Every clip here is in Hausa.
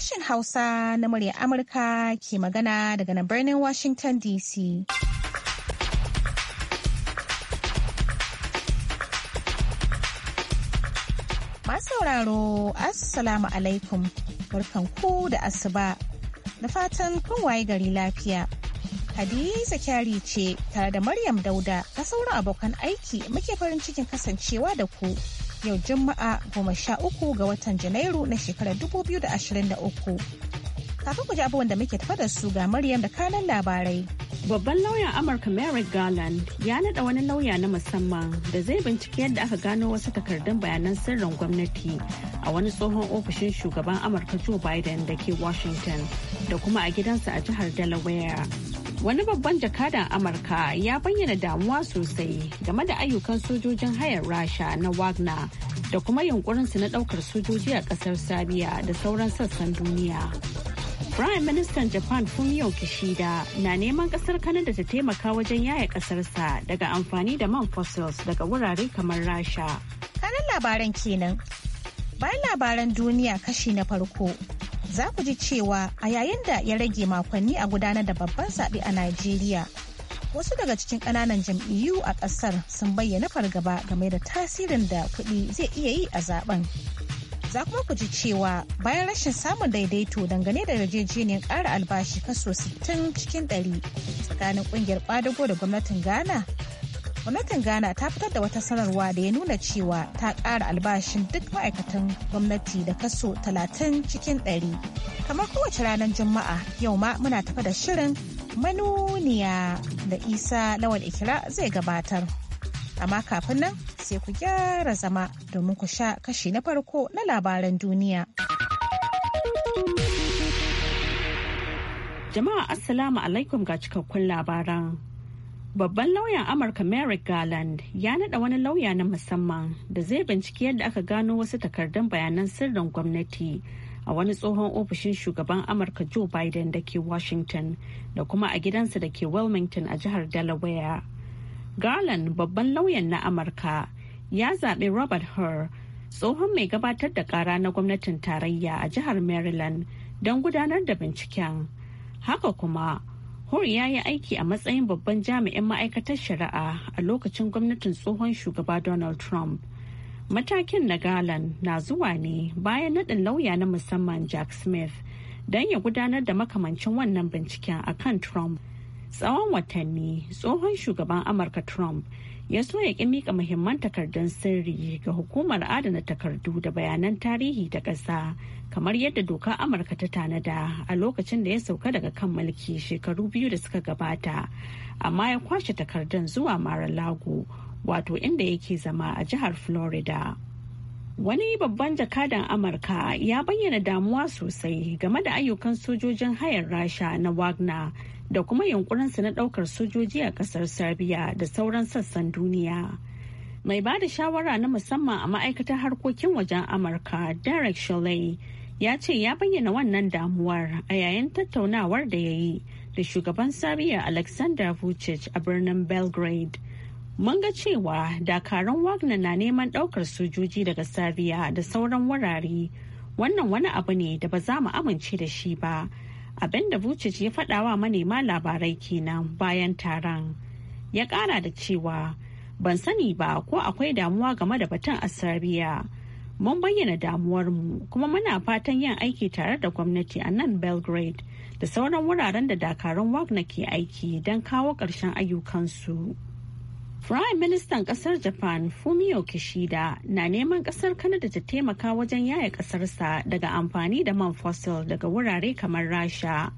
Sashen Hausa na murya Amurka ke magana daga nan birnin Washington DC. sauraro Assalamu alaikum barkanku da asuba na fatan kun waye gari lafiya. Hadiza kyari ce tare da Maryam Dauda ta sauran abokan aiki muke farin cikin kasancewa da ku yau Juma'a goma sha uku ga watan Janairu na shekarar dubu biyu da ashirin uku Kafin ku ji abubuwan da muke tafa da su ga Maryam da kanan labarai. Babban lauyan Amurka Merrick Garland ya naɗa wani lauya na musamman da zai bincike yadda aka gano wasu takardun bayanan sirrin gwamnati a wani tsohon ofishin shugaban Amurka Joe Biden da ke Washington da kuma a gidansa a jihar Delaware. wani babban jakadan amurka ya bayyana damuwa sosai game da ayyukan sojojin hayar rasha na wagner da kuma yunkurinsu na daukar sojoji a kasar sabiya da sauran sassan duniya prime minister japan fumio kishida na neman kasar kanada ta taimaka wajen yaya kasarsa daga amfani da man fossils daga wurare kamar rasha kanan labaran kenan bayan labaran duniya kashi na farko za ku ji cewa a yayin da ya rage makonni a gudanar da babban zaɓe a Najeriya. Wasu daga cikin ƙananan jam'iyyu a ƙasar sun bayyana fargaba game da tasirin da kuɗi zai iya yi a zaben. Za kuma ku ji cewa bayan rashin samun daidaito dangane da yarjejeniyar ƙara albashi kaso 60 cikin 100 tsakanin ƙungiyar ƙwadago da gwamnatin Ghana gwamnatin ghana ta fitar da wata sanarwa da ya nuna cewa ta ƙara albashin duk ma'aikatan gwamnati da kaso 30 cikin 100 kamar kowace ranar juma'a yau ma muna tafa da shirin manuniya da isa lawal ikira zai gabatar amma kafin nan sai ku gyara zama domin ku sha kashi na farko na labaran duniya jama'a assalamu alaikum ga cikakkun labaran Babban lauyan Amurka Merrick Garland ya naɗa wani lauya na musamman da zai binciki yadda aka gano wasu takardun bayanan sirrin gwamnati a wani tsohon ofishin shugaban Amurka Joe Biden da ke Washington da kuma a gidansa da ke Wilmington a jihar Delaware. Garland babban lauyan na Amurka ya zaɓi Robert Hur tsohon mai gabatar da ƙara na gwamnatin tarayya a jihar Maryland don gudanar da binciken. Haka kuma Hur ya yi aiki a matsayin babban jami'in ma'aikatar shari'a a lokacin gwamnatin tsohon shugaba Donald Trump. Matakin na Galan na zuwa ne bayan naɗin lauya na musamman Jack Smith don ya gudanar da makamancin wannan binciken a kan Trump. Tsawon watanni, tsohon shugaban Amurka Trump ya so ya mika muhimman takardun sirri ga hukumar adana takardu da bayanan tarihi ta ƙasa. kamar yadda doka amurka ta tanada a lokacin da ya sauka daga kan mulki shekaru biyu da suka gabata amma ya kwashe takardun zuwa mara-lago wato inda yake zama a jihar florida wani babban jakadan amurka ya bayyana damuwa sosai game da ayyukan sojojin hayar rasha na wagner da kuma yunkurinsu na daukar sojoji a kasar serbia da sauran sassan duniya mai ba da shawara na musamman a ma'aikatar harkokin wajen amurka derek shalai ya ce ya bayyana wannan damuwar a yayin tattaunawar da ya yi da shugaban sabiya alexander vucic a birnin belgrade mun ga cewa dakaran wagner na neman daukar sojoji daga sabiya da sauran wurare wannan wani abu ne da ba za mu amince da shi ba abin da vucic ya faɗawa manema labarai kenan bayan taron ya ƙara da cewa ban sani ba ko akwai damuwa game da batun a sabiya mun bayyana damuwar mu kuma muna fatan yin aiki tare da gwamnati a nan belgrade da sauran wuraren da dakarun wagner ke aiki don kawo ƙarshen ayyukansu prime ministan kasar japan fumio kishida na neman kasar kanada ta taimaka wajen yaya kasarsa daga amfani da man fossil daga wurare kamar rasha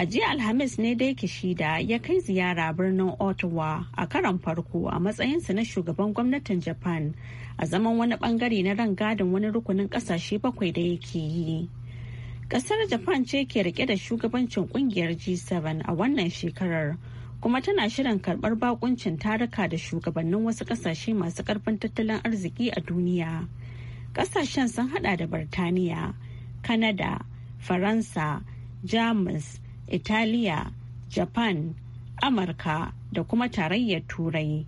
a jiya alhamis ne dai kishida ya kai ziyara birnin ottawa a karon farko a matsayinsa na shugaban gwamnatin japan a zaman wani bangare na ran rangadin wani rukunin kasashe bakwai da yake yi. Kasar Japan ce ke rike da shugabancin kungiyar G7 a wannan shekarar kuma tana shirin karbar bakuncin taruka da shugabannin wasu kasashe masu karfin tattalin arziki a duniya. Kasashen sun hada da Birtaniya, Kanada, Faransa, Jamus, Italiya, Japan, Amurka da kuma tarayyar Turai.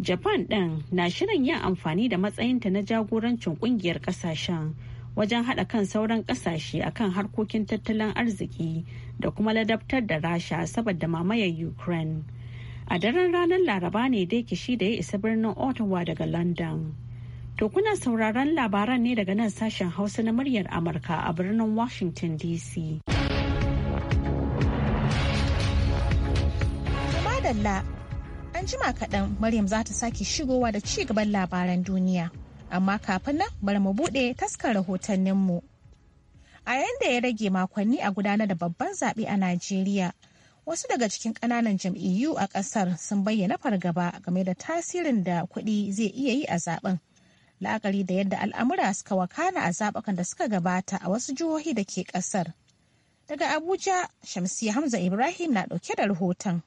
japan ɗin na shirin yin amfani da matsayinta na jagorancin ƙungiyar ƙasashen wajen haɗa kan sauran ƙasashe akan harkokin tattalin arziki da kuma ladabtar da rasha saboda mamayar ukraine a daren ranar laraba ne dai kishi da ya isa birnin ottawa daga london to kuna sauraron labaran ne daga nan sashen hausa na muryar amurka a birnin washington dc madalla An jima kaɗan Maryam za ta sake shigowa da ci gaban labaran duniya. Amma kafin nan bari mu buɗe taskar rahotanninmu. A yayin da ya rage makonni a gudanar da babban zaɓe a Najeriya, wasu daga cikin ƙananan jam'iyyu a ƙasar sun bayyana fargaba game da tasirin da kuɗi zai iya yi a zaɓen, la'akari da yadda al'amura suka wakana a zaɓukan da suka gabata a wasu jihohi da ke ƙasar. Daga Abuja, Shamsiya Hamza Ibrahim na ɗauke da rahoton.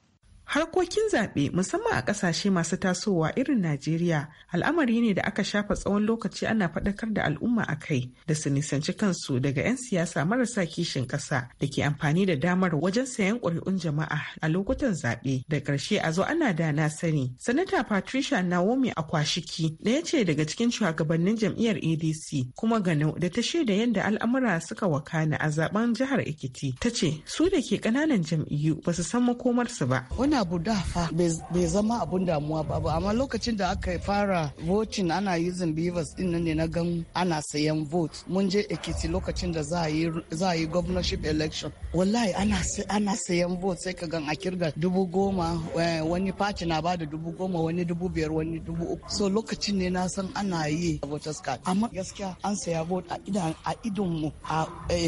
harkokin zaɓe musamman a ƙasashe masu tasowa irin najeriya al'amari ne da aka shafa tsawon lokaci ana faɗakar da al'umma a kai da su nisanci kansu daga 'yan siyasa marasa kishin ƙasa da ke amfani da damar wajen sayan ƙuri'un jama'a a lokutan zaɓe da ƙarshe a zo ana da na sani sanata patricia naomi akwashiki ɗaya ce daga cikin shugabannin jam'iyyar adc kuma gano da ta shaida yadda al'amura suka wakana a zaben jihar ekiti ta ce su da ke ƙananan jam'iyyu ba su san makomarsu ba abu da fa bai zama abun damuwa ba amma lokacin da aka fara voting ana using beavers din nan ne na gan ana sayan vote mun je ekiti lokacin da za a yi governorship election wallahi ana sayan vote sai ka gan a kirga dubu goma eh, wani party na bada dubu goma wani dubu biyar wani dubu uku so lokacin ne na san ana yi voters card amma gaskiya an saya vote a idon mu a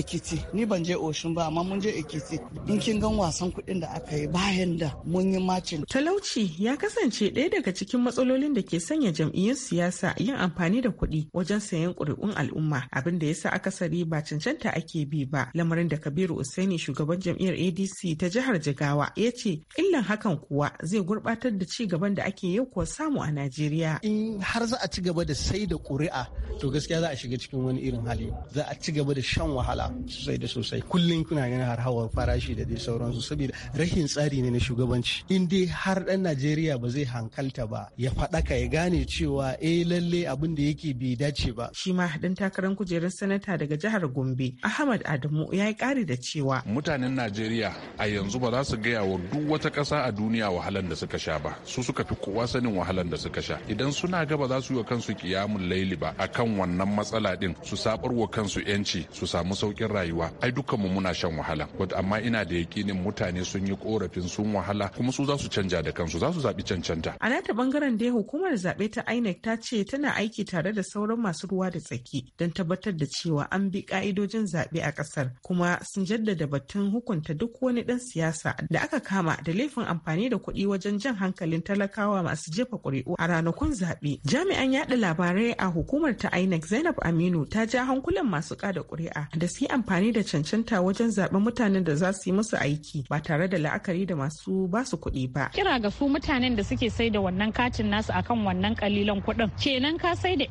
ekiti ni ban je oshun ba amma mun je ekiti in kin gan wasan kuɗin da aka yi bayan da mun mun macin. Talauci ya kasance ɗaya daga cikin matsalolin da ke sanya jam'iyyun siyasa yin amfani da kuɗi wajen sayan ƙuri'un al'umma abin da ya yasa akasari ba cancanta ake bi ba lamarin da Kabiru Usaini shugaban jam'iyyar ADC ta jihar Jigawa ya ce illan hakan kuwa zai gurɓatar da ci gaban da ake yau kuwa samu a Najeriya. In har za a ci gaba da sai da ƙuri'a to gaskiya za a shiga cikin wani irin hali za a ci gaba da shan wahala sosai da sosai kullum kuna ganin har hawar farashi da dai sauransu saboda rashin tsari ne na shugabanci shi in dai har dan najeriya ba zai hankalta ba ya faɗaka ya gane cewa eh lalle abin da yake bai dace ba shi ma haɗin takarar kujerar sanata daga jihar gombe ahmad adamu ya yi ƙari da cewa mutanen najeriya a yanzu ba za su gaya wa duk wata ƙasa a duniya wahalan da suka sha ba su suka fi kowa sanin wahalan da suka sha idan suna ga ba za su yi wa kansu kiyamun laili ba akan wannan matsala din su sabar wa kansu yanci su samu sauƙin rayuwa ai dukkanmu muna shan wahala amma ina da yakinin mutane sun yi korafin sun wahala kuma su za su canja da kansu za su zaɓi cancanta. A nata bangaren dai hukumar zaɓe ta INEC ta ce tana aiki tare da sauran masu ruwa da tsaki don tabbatar da cewa an bi ƙa'idojin zaɓe a ƙasar kuma sun jaddada batun hukunta duk wani ɗan siyasa da aka kama da laifin amfani da kuɗi wajen jan hankalin talakawa masu jefa ƙuri'u a ranakun zaɓe. Jami'an yaɗa labarai a hukumar ta INEC Zainab Aminu ta ja hankulan masu ƙada ƙuri'a da su yi amfani da cancanta wajen zaɓen mutanen da za su yi musu aiki ba tare da la'akari da masu ba basu kuɗi ba. Kira ga su mutanen da suke sai da wannan katin nasu akan wannan kalilan kuɗin. Kenan ka sai da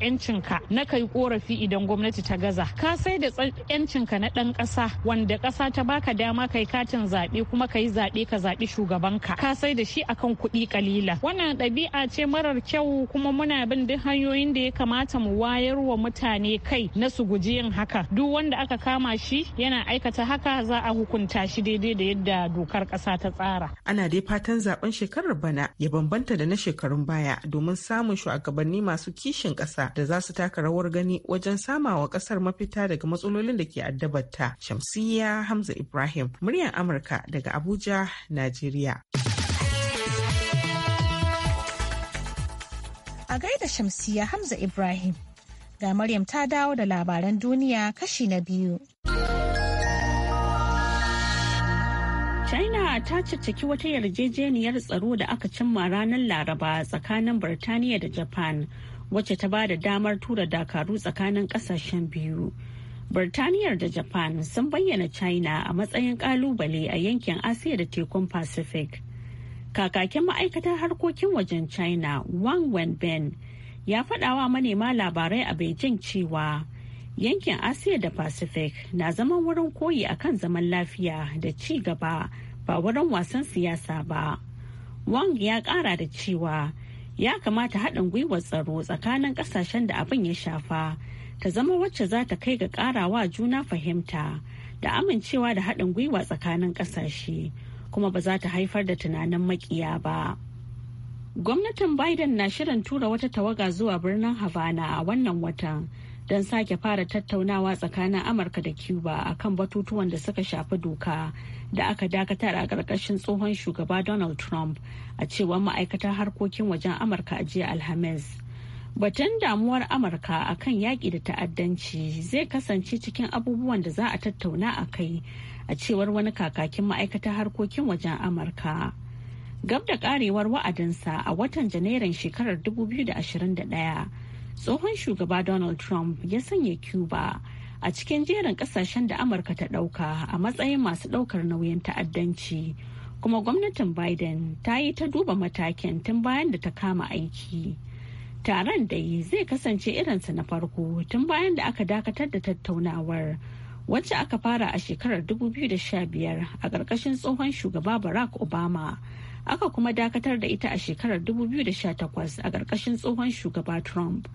ka na kai korafi idan gwamnati ta gaza. Ka sai da ka na ɗan ƙasa wanda ƙasa ta baka dama kai katin zaɓe kuma kai zaɓe ka zaɓi shugabanka. Ka sai da shi akan kuɗi kalila. Wannan ɗabi'a ce marar kyau kuma muna bin duk hanyoyin da ya kamata mu wayar wa mutane kai na su guji yin haka. Duk wanda aka kama shi yana aikata haka za a hukunta shi daidai da yadda dokar ƙasa ta tsara. Ana dai yi fatan zaben shekarar bana ya bambanta da na shekarun baya domin samun shugabanni masu kishin ƙasa da za su taka rawar gani wajen samawa ƙasar mafita daga matsalolin da ke addabarta. Shamsiyya Hamza Ibrahim, muryar Amurka daga Abuja, Najeriya. A gaida Shamsiyya Hamza Ibrahim, ga Maryam ta dawo da labaran duniya kashi na biyu. China ta cicciki wata yarjejeniyar tsaro da aka cimma ranar Laraba tsakanin Birtaniya da Japan wacce ta ba da damar tura dakaru tsakanin kasashen biyu. Birtaniyar da Japan sun bayyana China a matsayin kalubale a yankin Asiya da tekun Pacific. Kakakin ma'aikatar harkokin wajen China Wang Wenbin ya faɗawa manema labarai a Beijing cewa yankin asiya da pacific na zaman wurin koyi akan zaman lafiya da ci gaba ba wurin wasan siyasa ba wang ya kara da cewa ya kamata haɗin gwiwar tsaro tsakanin ƙasashen da abin ya shafa ta zama wacce za ta kai ga ƙarawa juna fahimta da amincewa da haɗin gwiwa tsakanin ƙasashe kuma ba za ta haifar da tunanin makiya ba. Gwamnatin Biden na shirin tura wata tawaga zuwa birnin Havana a wannan watan don sake fara tattaunawa tsakanin amurka da cuba kan batutuwan da suka shafi doka da aka dakatar a ƙarƙashin tsohon shugaba donald trump a cewar ma'aikatar harkokin wajen amurka a jiya alhamis batun damuwar amurka akan yaƙi da ta'addanci zai kasance cikin abubuwan da za a tattauna a kai a cewar wani kakakin ma'aikatar harkokin wajen amurka gab da karewar wa'adinsa a watan janairun shekarar 2021 tsohon shugaba donald trump ya sanya cuba a cikin jerin kasashen da amurka ta dauka a matsayin masu daukar nauyin ta'addanci kuma gwamnatin biden ta yi ta duba matakin tun bayan da ta kama aiki taron dai zai kasance irinsa na farko tun bayan da aka dakatar da tattaunawar wacce aka fara a shekarar 2015 a ƙarƙashin tsohon shugaba barack obama aka kuma dakatar da ita a shekarar 2018 a ƙarƙashin tsohon shugaba Trump.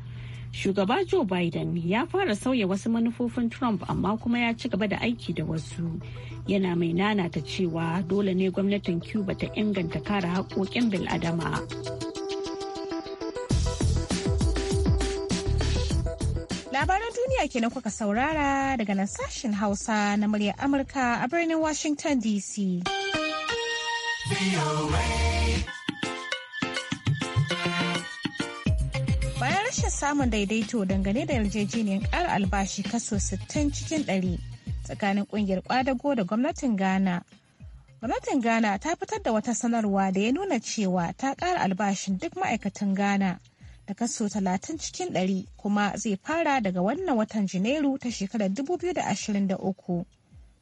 Shugaba Joe Biden ya fara sauya wasu manufofin Trump amma kuma ya ci gaba da aiki da wasu. Yana mai nana ta cewa dole ne gwamnatin Cuba ta inganta kare haƙoƙin bil'adama. Labaran duniya kenan kuka saurara daga nan sashen Hausa na muryar Amurka a birnin Washington DC. Bayan rashin samun daidaito dangane da yarjejeniyar ƙara albashi kaso 60 cikin 100 tsakanin ƙungiyar ƙwadago da gwamnatin Ghana. Gwamnatin Ghana ta fitar da wata sanarwa da ya nuna cewa ta ƙara albashin duk ma'aikatan Ghana da kaso 30 cikin 100 kuma zai fara daga wannan watan Janairu ta shekarar 2023.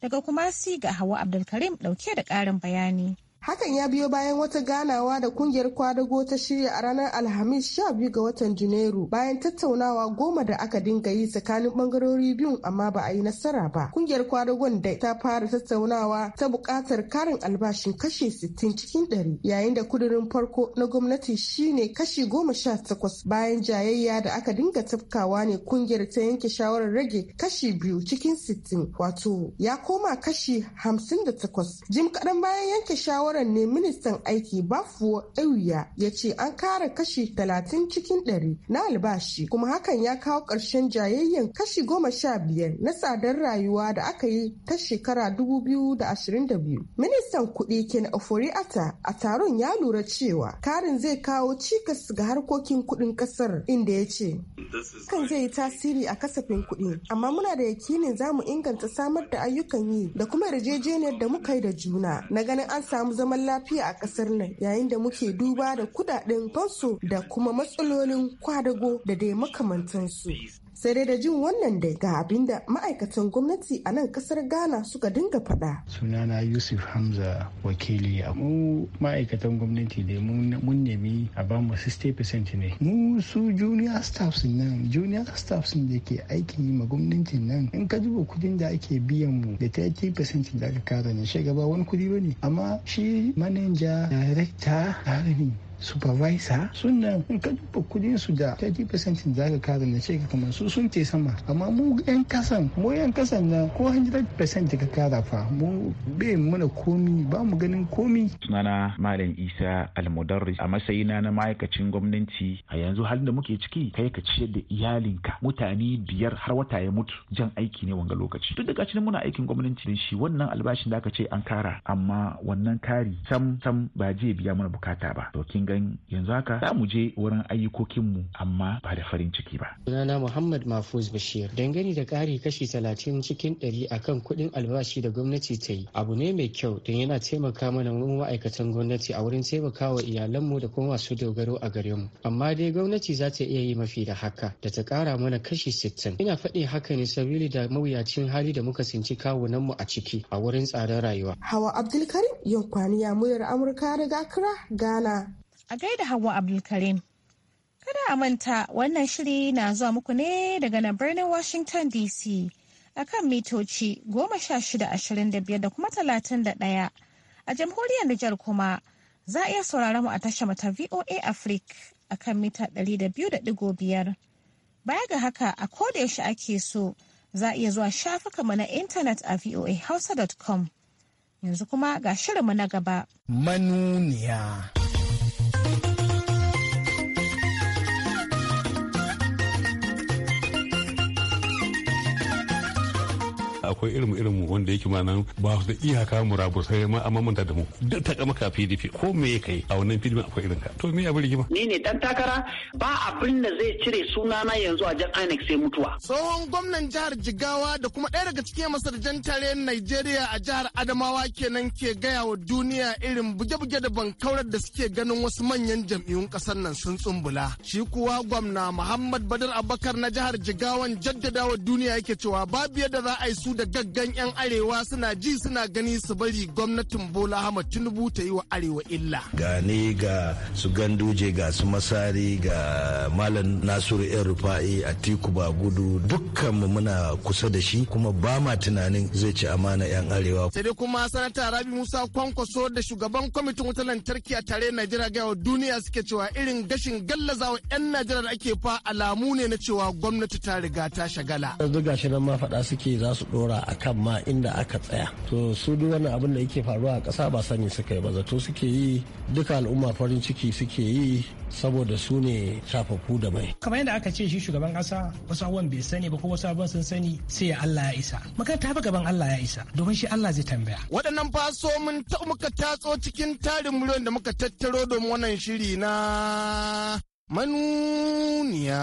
Daga kuma si ga Hawa Abdulkarim ɗauke da ƙarin bayani. Hakan ya biyo bayan wata ganawa da kungiyar kwadago ta shirya a ranar Alhamis sha biyu ga watan Janairu bayan tattaunawa goma da aka dinga yi tsakanin bangarori biyun amma ba a yi nasara ba. Kungiyar kwadagon da ta fara tattaunawa ta buƙatar karin albashin kashi sittin cikin 100 yayin da kudurin farko na gwamnati shine kashi goma sha 18 bayan jayayya da aka dinga tafkawa ne kungiyar ta yanke shawarar rage kashi biyu cikin sittin. wato ya koma kashi hamsin da 58 jim kaɗan bayan yanke shawarar rahoton ne ministan aiki bafuwa ewuya ya ce an kara kashi talatin cikin ɗari na albashi kuma hakan ya kawo ƙarshen jayayyen kashi goma sha biyar na tsadar rayuwa da aka yi ta shekara dubu da biyu. Ministan kuɗi Ken Ofori Ata a taron ya lura cewa karin zai kawo cikas ga harkokin kuɗin ƙasar inda ya ce. Kan zai yi tasiri a kasafin kuɗi amma muna da yakinin za mu inganta samar da ayyukan yi da kuma yarjejeniyar da muka yi da juna na ganin an samu zaman lafiya a kasar nan yayin da muke duba da kudaden fansu da kuma matsalolin kwadago da dai makamantansu. sai dai da jin wannan dai ga abin da ma'aikatan gwamnati a nan kasar ghana suka dinga faɗa. sunana yusuf hamza wakili a mu ma'aikatan gwamnati da mun nemi a ba mu 60% ne mu su junior staffs nan junior staffs da ke aiki ma gwamnati nan in ka duba kudin da ake biyan mu da 30% da aka kara ne shagaba wani kudi ba ne amma shi manaja director supervisor sunan in ka duba kudin su da 30% za ka kare na kamar su sun ce sama amma mu yan kasan mu yan kasan na ko 100% ka kara fa mu bai muna komi ba mu ganin komi sunana malam isa almudarris a matsayina na ma'aikacin gwamnati a yanzu halin da muke ciki kai ka ciyar da iyalinka mutane biyar har wata ya mutu jan aiki ne wanga lokaci duk da gashi muna aikin gwamnati din shi wannan albashin da aka ce an kara amma wannan kari sam sam ba je biya mana bukata ba to kin ga gan yanzu haka za mu je wurin ayyukokinmu amma ba da farin ciki ba. Sunana Muhammad Mahfuz Bashir dangane da ƙari kashi talatin cikin ɗari akan kuɗin albashi da gwamnati ta yi abu ne mai kyau don yana taimaka mana mu ma'aikatan gwamnati a wurin taimakawa iyalanmu da kuma masu dogaro a gare mu amma dai gwamnati za ta iya yi mafi da haka da ta ƙara mana kashi sittin ina faɗi haka ne sabili da mawuyacin hali da muka sinci kawunanmu a ciki a wurin tsadar rayuwa. Hawa Abdulkarim yau kwaniya muryar Amurka daga Accra, Ghana. a gaida Hauwa Abdulkarim. Kada a manta wannan shiri na zuwa muku ne daga na birnin Washington DC a kan mitoci goma sha shida ashirin da biyar da kuma talatin da ɗaya. A jamhuriyar Nijar kuma za a iya sauraron mu a tashar mata VOA Africa a kan mita ɗari da biyu da ɗigo biyar. Baya ga haka a koda yaushe ake so za a iya zuwa shafukanmu na intanet a voahausa.com. Yanzu kuma ga shirinmu na gaba. Manuniya. akwai irin irin mu wanda yake nan ba su da iyaka murabur sai ma amma manta da mu duk ta kama ka PDP ko me ya kai a wannan PDP akwai irin ka to me abin rigima ni ne dan takara ba abin da zai cire sunana yanzu a jan INEC sai mutuwa tsohon gwamnan jihar Jigawa da kuma ɗaya daga cikin masarjan tare nigeria a jihar Adamawa kenan ke gaya wa duniya irin buge-buge da bankaurar da suke ganin wasu manyan jam'iyyun ƙasar nan sun tsumbula shi kuwa gwamna Muhammad Badar Abakar na jihar Jigawan jaddadawa duniya yake cewa babu yadda za a yi su da gaggan 'yan arewa suna ji suna gani su bari gwamnatin bola hama tinubu ta yi wa arewa illa gane ga su ganduje ga su masari ga malam nasiru yan rufa'i a tiku ba gudu dukkan mu muna kusa da shi kuma ba ma tunanin zai ci amana 'yan arewa sai dai kuma sanata rabi musa kwankwaso da shugaban kwamitin wutar lantarki a tare najeriya ga duniya suke cewa irin gashin gallazawa 'yan najeriya da ake fa alamu ne na cewa gwamnati ta riga ta shagala. yanzu gashi nan ma faɗa suke za su ɗora dora a kan ma inda aka tsaya to su duk wani abin da yake faruwa a ƙasa ba sani suka yi ba zato suke yi duka al'umma farin ciki suke yi saboda su ne shafafu da mai kamar yadda aka ce shi shugaban ƙasa wasu abubuwan bai sani ba ko wasu abubuwan sun sani sai Allah ya isa makaranta ta gaban Allah ya isa domin shi Allah zai tambaya waɗannan faso mun ta muka tatso cikin tarin miliyon da muka tattaro domin wannan shiri na manuniya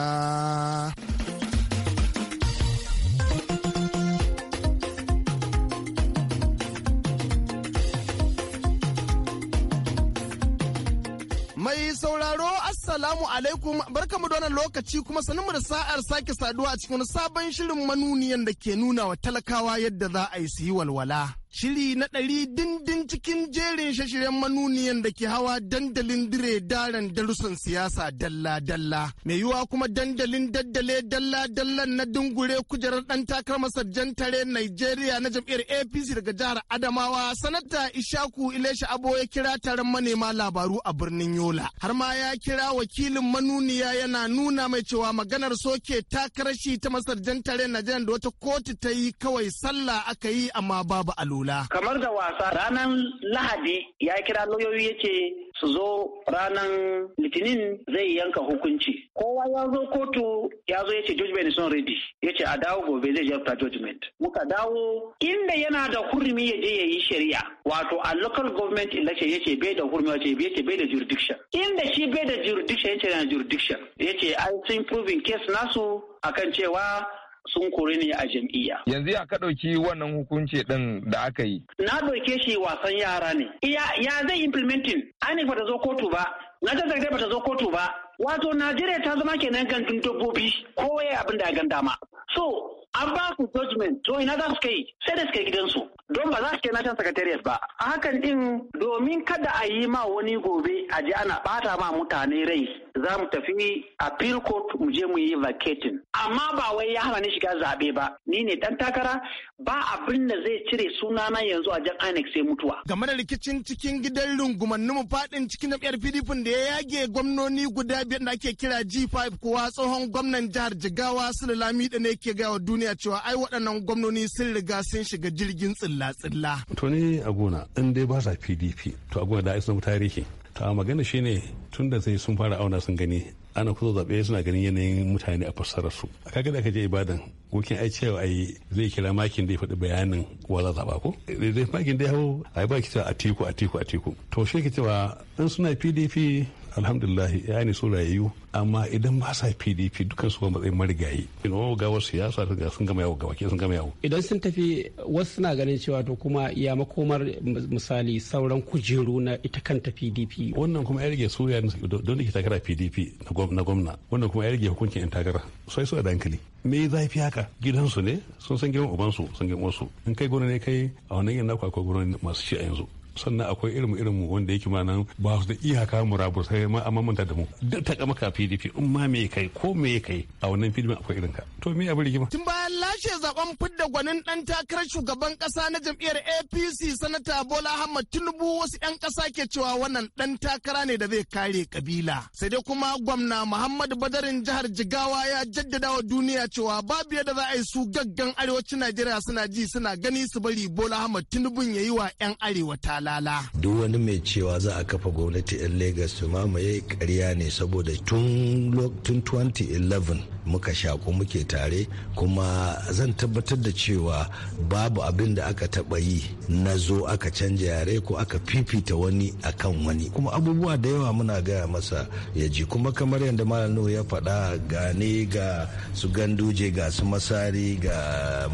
Mai sauraro Assalamu alaikum barkamu da wannan lokaci kuma sanin mu da sa'ar sake saduwa a cikin sabon shirin manuniyan da ke nuna wa talakawa yadda za a yi su yi walwala. shiri na ɗari dindin cikin jerin shashiren manuniyan da ke hawa dandalin dire daren darussan siyasa dalla-dalla. Mai yiwuwa kuma dandalin daddale dalla-dallan na dungure kujerar ɗan takarar sajjan tare Nigeria na jam'iyyar APC daga jihar Adamawa, sanata Ishaku Ilesha Abo ya kira taron manema labaru a birnin Yola. Har ma ya kira wakilin manuniya yana nuna mai cewa maganar soke takarar shi ta masarjan tare Najeriya da wata kotu ta yi kawai sallah aka yi amma babu alo. hula. Kamar da wasa ranar Lahadi ya kira lauyoyi ya ce su zo ranar litinin zai yanka hukunci kowa ya zo kotu ya zo ya ce judgment is not ready ya ce a dawo gobe zai after judgment muka dawo inda yana da hurumi ya je ya yi shari'a wato a local government election ya ce bai da hurumi ya ce bai da jurisdiction inda shi bai da jurisdiction ya ce yana jurisdiction ya ce an sun proving case nasu akan cewa sun kore ne a jam'iyya. Yanzu ya ka ɗauki wannan hukunci ɗin da aka yi? Na ɗauke shi wasan yara ne. Iya ya zai implementing, INEC ba ta zo kotu ba, na ta zarge ba ta zo kotu ba. Wato Najeriya ta zama kenan gantun dabbobi kowa ya abin da ya gan dama. So an ba su judgment to ina za su kai sai da suka yi gidansu don ba za su kai national secretariat ba a hakan din domin kada a yi ma wani gobe a je ana bata ma mutane rai za mu tafi a court mu je mu yi vacating amma ba wai ya hana ni shiga zabe ba ni ne dan takara ba abin da zai cire sunana yanzu a jan INEC sai mutuwa game da rikicin cikin gidan rungumannin mu fadin cikin jam'iyyar PDP da ya yage gwamnoni guda biyar da ake kira G5 kowa tsohon gwamnan jihar Jigawa Sule Lami da ne ke ga wa duniya duniya cewa ai waɗannan gwamnoni sun riga sun shiga jirgin tsilla-tsilla. To ni a gona in dai ba sa PDP to a gona da ai sun tarihi. To a magana shine tun da sai sun fara auna sun gani ana kusa zaɓe suna ganin yanayin mutane a fassarar su a kaga da aka je ibadan gokin ai cewa ai zai kira makin da ya faɗi bayanin wa za zaɓa ko zai eh, makin da ya hau ai ba ki cewa a tiku a tiku a tiku to shi ki cewa in suna pdp alhamdulillah ya ne so rayayyu amma idan ba sa pdp dukkan su matsayin marigayi in wawo gawar siyasa sun gama yawo sun gama yawo idan sun tafi wasu suna ganin cewa to kuma ya makomar misali sauran kujeru na ita kanta pdp wannan kuma ya rage suya don da ke takara pdp na gwamna wannan kuma ya rage hukuncin yan takara sai su a dankali me zafi haka gidansu ne sun san girman ubansu sun girman wasu in kai gona ne kai a wannan yin naku akwai gona masu ci a yanzu sannan akwai irin irin mu wanda yake mana ba su da iyaka murabur sai ma amma manta da mu duk ta kama ka PDP in ma me kai ko me kai a wannan PDP akwai irin ka to me abin rigima tun bayan lashe zaben fidda gwanin dan takarar shugaban kasa na jam'iyyar APC sanata Bola Ahmed Tinubu wasu yan kasa ke cewa wannan dan takara ne da zai kare kabila sai dai kuma gwamna Muhammadu Badarin jihar Jigawa ya jaddada wa duniya cewa babu yadda za a yi su gaggan arewacin Najeriya suna ji suna gani su bari Bola Ahmed Tinubu ya yi wa yan arewa talala. Duk wani mai cewa za a kafa gwamnati 'yan Legas su mamaye karya ne saboda tun 2011 muka shaku muke tare kuma zan tabbatar da cewa babu abin da aka taɓa yi na zo aka canja yare ko aka fifita wani akan wani kuma abubuwa da yawa muna gaya masa ya ji kuma kamar yadda malam nuhu ya faɗa gane ga su ganduje ga su masari ga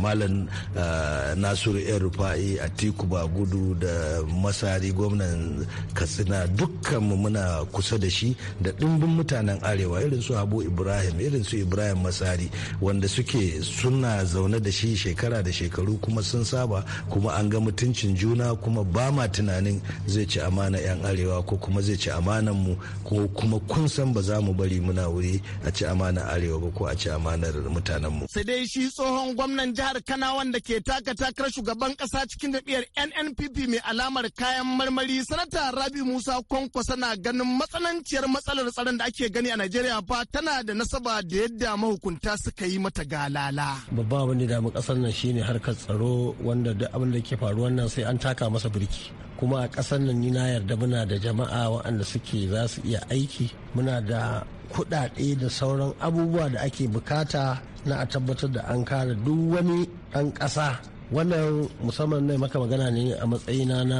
malam ah, nasiru yan rufa'i Tiku ba gudu da masari gwamnan katsina dukkanmu muna kusa da shi da ɗimbin mutanen arewa irin su abu ibrahim irin su ibrahim masari wanda suke suna zaune da shi shekara da shekaru kuma sun saba kuma an ga mutuncin juna kuma ba ma tunanin zai ci amana 'yan arewa ko kuma zai ci amanan mu ko kuma kun san ba za mu bari muna wuri a ci amana arewa ba ko a ci amanar mutanen mu sai dai shi tsohon gwamnan jihar kana wanda ke taka takarar shugaban kasa cikin jam'iyyar nnpp mai alamar harkar kayan marmari sanata rabi musa kwankwasa na ganin matsananciyar matsalar tsaron da ake gani a najeriya ba tana da nasaba da yadda mahukunta suka yi mata galala babba abin da damu kasar nan shine harkar tsaro wanda duk abin da ke faruwa nan sai an taka masa birki kuma a kasar nan ni na yarda muna da jama'a waɗanda suke za su iya aiki muna da kuɗaɗe da sauran abubuwa da ake bukata na a tabbatar da an kare duk wani ɗan ƙasa wannan musamman ne maka magana ne a matsayina na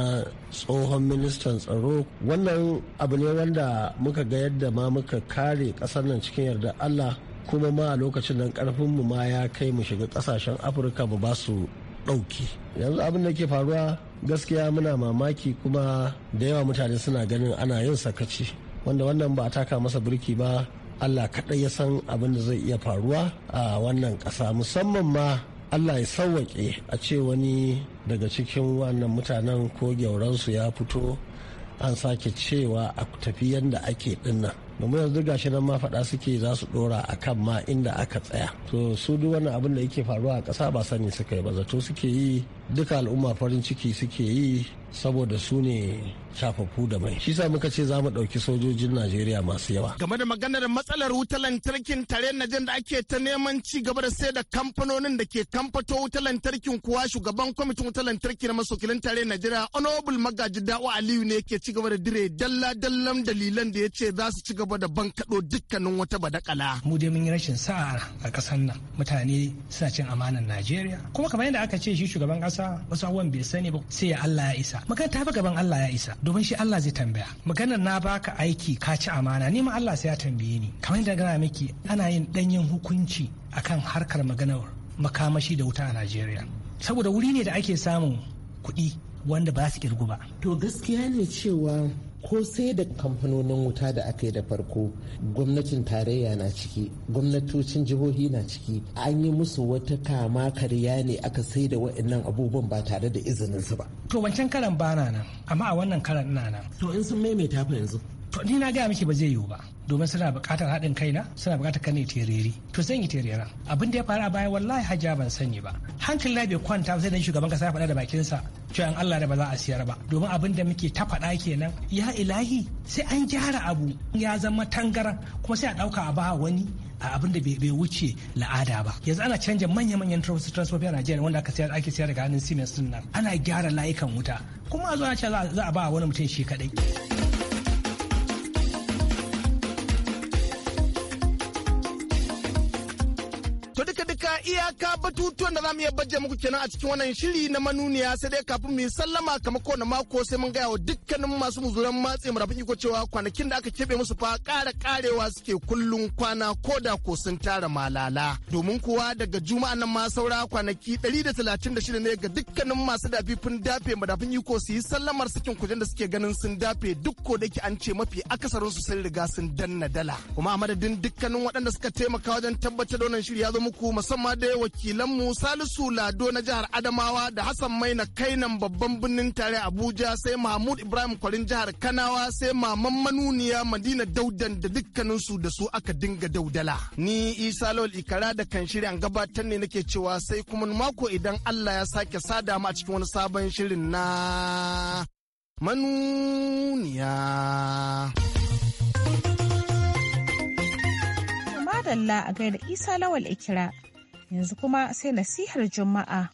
tsohon ministan tsaro wannan abu ne wanda muka ga yadda ma muka kare ƙasar nan cikin yarda allah kuma ma a lokacin nan karfinmu ma ya kai mu shiga ƙasashen afirka mu ba su ɗauki yanzu abin da ke faruwa gaskiya muna mamaki kuma da yawa mutane suna ganin ana yin sakaci wanda wannan ba a taka masa birki ba allah kaɗai ya san abin da zai iya faruwa a wannan ƙasa musamman ma allah ya sauwaƙe a ce wani daga cikin wannan mutanen ko gyauransu ya fito an sake cewa a tafi yadda ake dinnan domin yanzu gashi nan ma faɗa suke za su ɗora a kan ma inda aka tsaya to su duk wannan abin da yake faruwa a ƙasa ba sani suka yi ba zato suke yi duka al'umma farin ciki suke yi saboda su ne shafafu da mai shi sa muka ce za mu ɗauki sojojin najeriya masu yawa game da maganar matsalar wutar lantarkin tare na da ake ta neman ci gaba da sai da kamfanonin da ke kamfato wutar lantarkin kuwa shugaban kwamitin wutar lantarki na masokilin tare najeriya honorable magaji dawo aliyu ne ke ci gaba da dire dalla dallan dalilan da ya ce za su ci gaba da kaɗo dukkanin wata badakala mu dai mun yi rashin sa'a a ƙasar nan mutane suna cin amanar najeriya kuma kamar yadda aka ce shi shugaban ƙasa sa wasu abubuwan bai sani ba sai Allah ya isa magana ta fi gaban Allah ya isa domin shi Allah zai tambaya maganar na baka aiki ka ci amana ni ma Allah sai ya tambaye ni kamar yadda gana miki ana yin danyen hukunci akan harkar maganar makamashi da wuta a Najeriya saboda wuri ne da ake samun kuɗi wanda ba su kirgu ba to gaskiya ne cewa ko sai da kamfanonin wuta da aka yi da farko gwamnatin tarayya na ciki gwamnatocin jihohi na ciki an yi musu wata kama karya ne aka sai da wa'annan abubuwan ba tare da izininsu ba to wancan karan bana nan amma a wannan karan ina nan to in sun maimaita fa yanzu to ni na gaya miki ba zai yiwu ba domin suna buƙatar haɗin kai na suna buƙatar kane tereri to zan yi terera abin da ya faru a baya wallahi hajiya ban sani ba hankali na bai kwanta sai dan shugaban kasa ya faɗa da bakinsa cewa Allah da ba za a siyar ba domin abin da muke ta faɗa kenan ya ilahi sai an gyara abu ya zama tangaran kuma sai a ɗauka a ba wani a abin da bai wuce la'ada ba yanzu ana canja manya-manyan transfer a najeriya wanda aka sayar ake sayar daga hannun siemens din nan ana gyara layukan wuta kuma a zo a ce za a ba wani mutum shi kaɗai. America. batutuwan da za mu iya muku kenan a cikin wannan shiri na manuniya sai dai kafin mu yi sallama kamar kowane mako sai mun gaya wa dukkanin masu muzuran matse mu rafin iko cewa kwanakin da aka kebe musu fa ƙara ƙarewa suke kullun kwana ko da ko sun tara malala. Domin kuwa daga juma'a nan ma saura kwanaki 136 ne ga dukkanin masu dafifin dafe madafin iko su yi sallamar sakin kujen da suke ganin sun dafe duk ko da ke an ce mafi akasarin su sun riga sun danna dala. Kuma a madadin dukkanin waɗanda suka taimaka wajen tabbatar da wannan shiri ya zo muku musamman da wakil wakilanmu Salisu Lado na jihar Adamawa da Hassan Maina Kainan babban birnin tare Abuja sai Mahmud Ibrahim Kwarin jihar Kanawa sai Maman Manuniya Madina Daudan da dukkaninsu da su aka dinga daudala. Ni Isa Lawal Ikara da kan shirin gabatar ne nake cewa sai kuma mako idan Allah ya sake sada mu a cikin wani sabon shirin na manuniya. Madalla a gaida Isa Lawal Ikira yanzu kuma sai nasihar juma'a.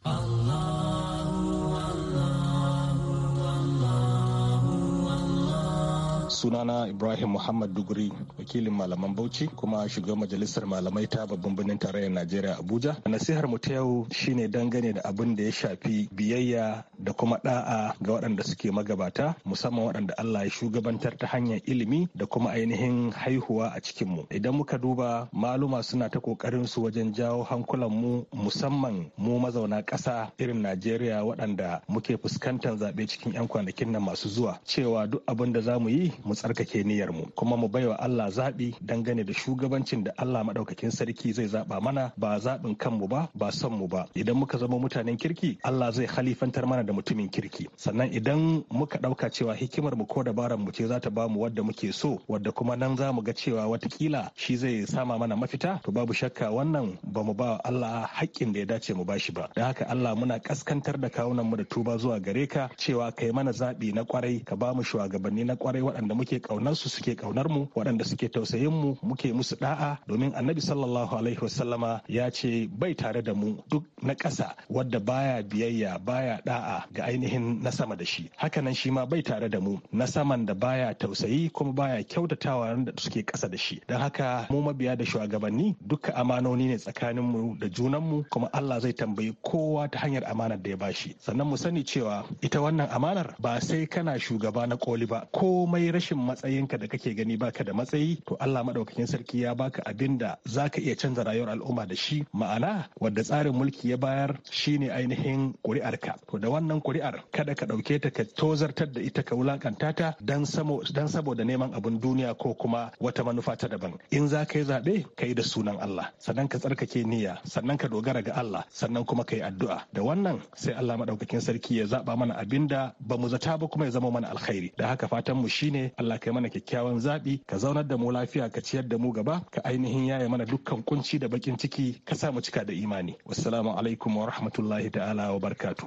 sunana ibrahim muhammad duguri wakilin malaman bauchi kuma shugaban majalisar malamai ta babban birnin tarayyar najeriya abuja nasihar mu ta yau shine dangane da abin da ya shafi biyayya da kuma da'a ga waɗanda suke magabata musamman waɗanda allah ya shugabantar ta hanyar ilimi da kuma ainihin haihuwa a cikin mu idan muka duba maluma suna ta kokarin su wajen jawo hankulan mu musamman mu mazauna ƙasa irin najeriya waɗanda muke fuskantar zaɓe cikin 'yan kwanakin nan masu zuwa cewa duk abin da za mu yi mu mu tsarkake niyyar mu kuma mu baiwa Allah zaɓi dangane da shugabancin da Allah maɗaukakin sarki zai zaɓa mana ba zaɓin kanmu ba ba son mu ba idan muka zama mutanen kirki Allah zai halifantar mana da mutumin kirki sannan idan muka ɗauka cewa hikimar mu ko dabaran mu ce za ta bamu wadda muke so wadda kuma nan za mu ga cewa watakila shi zai sama mana mafita to babu shakka wannan ba mu ba Allah haƙƙin da ya dace mu bashi ba don haka Allah muna kaskantar da kawunan mu da tuba zuwa gare ka cewa kai mana zaɓi na kwarai ka ba mu shugabanni na kwarai waɗanda waɗanda muke ƙaunarsu suke ƙaunar mu waɗanda suke tausayin mu muke musu da'a domin annabi sallallahu alaihi wasallama ya ce bai tare da mu duk na ƙasa wadda baya biyayya baya da'a ga ainihin na sama da shi hakanan shi ma bai tare da mu na saman da baya tausayi kuma baya kyautatawa da suke ƙasa da shi don haka mu mabiya da shugabanni duka amanoni ne tsakanin mu da junan mu kuma Allah zai tambayi kowa ta hanyar amanar da ya bashi sannan mu sani cewa ita wannan amanar ba sai kana shugaba na koli ba komai rashin rashin matsayinka da kake gani baka da matsayi to Allah madaukakin sarki ya baka abin da zaka iya canza rayuwar al'umma da shi ma'ana wadda tsarin mulki ya bayar shine ainihin ƙuri'arka. to da wannan kuri'ar kada ka dauke ta ka tozartar da ita ka wulakanta ta dan saboda neman abun duniya ko kuma wata manufa ta daban in za ka yi zaɓe ka da sunan Allah sannan ka tsarkake niyya sannan ka dogara ga Allah sannan kuma ka yi addu'a da wannan sai Allah madaukakin sarki ya zaba mana abin da ba mu zata ba kuma ya zama mana alkhairi da haka fatan mu shine Allah ka yi mana kyakkyawan zaɓi ka zaunar da mu lafiya ka ciyar da mu gaba ka ainihin yaye mana dukkan kunci da bakin ciki ka samu cika da imani wassalamu alaikum wa rahmatullahi ta'ala wa barkatu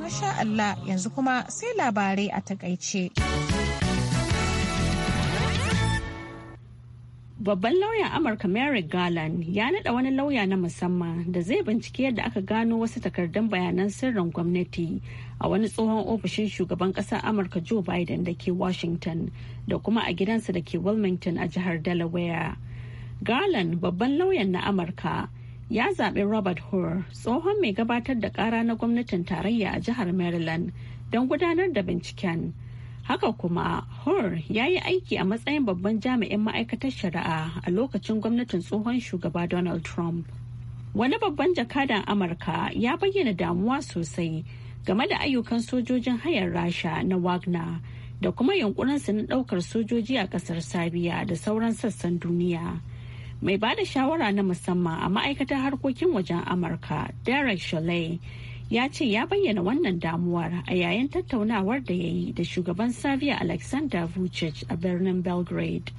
Masha Allah yanzu kuma sai labarai a takaice. Babban lauyan Amurka Merrick Garland ya naɗa wani lauya na musamman da zai bincike yadda aka gano wasu takardun bayanan sirrin gwamnati a wani tsohon ofishin shugaban ƙasar Amurka Joe Biden da ke Washington da kuma a gidansa da ke Wilmington a jihar Delaware. Garland babban lauyan na Amurka ya zaɓi Robert Hur tsohon mai gabatar da ƙara na gwamnatin tarayya a jihar Maryland don gudanar da binciken. Haka kuma Hur ya yi aiki a matsayin babban jami'in ma'aikatar shari'a a lokacin gwamnatin tsohon shugaba Donald Trump. Wani babban jakadan Amurka ya bayyana damuwa sosai game da ayyukan sojojin hayar Rasha na Wagner da kuma yunkurinsu na ɗaukar sojoji a ƙasar Sabiya da sauran sassan duniya. Mai bada shawara na musamman a ma'aikatar harkokin wajen Amurka, Derek Chollet, ya ce ya bayyana wannan damuwar a yayin tattaunawar da ya yi da shugaban Serbia Alexander Vucic a birnin Belgrade.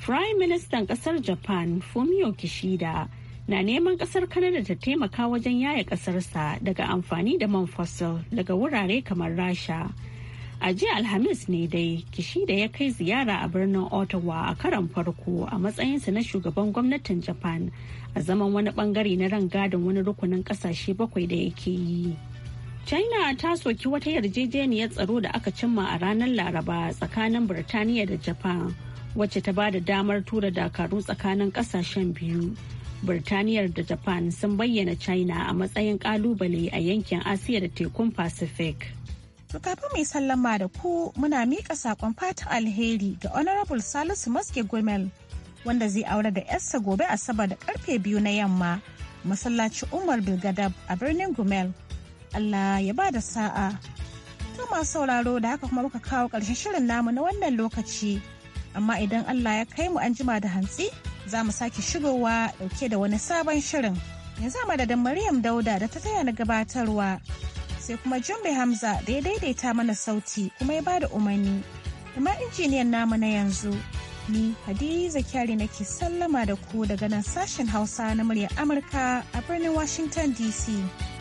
Prime Ministan kasar Japan Fumio Kishida na neman kasar Canada ta taimaka wajen yaya kasarsa daga amfani da man fossil daga wurare kamar Rasha a jiya alhamis ne dai da ya kai ziyara a birnin ottawa a karan farko a matsayinsa na shugaban gwamnatin japan a zaman wani bangare na ran gadon wani rukunin kasashe bakwai da yake yi china ta soki wata yarjejeniyar tsaro da aka cimma a ranar laraba tsakanin birtaniya da japan wacce ta ba da damar tura dakaru tsakanin kasashen biyu birtaniyar da japan sun bayyana china a matsayin kalubale a yankin asiya da tekun pacific To kafin mai sallama da ku muna miƙa saƙon fatan alheri ga Honorable Salisu Maske Gomel wanda zai aure da yarsa gobe Asabar da karfe biyu na yamma masallaci Umar Bilgadab a birnin Gomel. Allah ya ba da sa'a. To masu sauraro da haka kuma muka kawo ƙarshen shirin namu na wannan lokaci. Amma idan Allah ya kai mu an jima da hantsi za mu sake shigowa dauke da wani sabon shirin. Yanzu madadin Maryam Dauda da ta taya na gabatarwa. sai kuma Jumbe Hamza da ya daidaita mana sauti kuma ya bada umarni. Kuma injiniyan namu na yanzu ni Hadiza Kyari nake sallama da ku daga nan sashen Hausa na muryar Amurka a birnin Washington DC.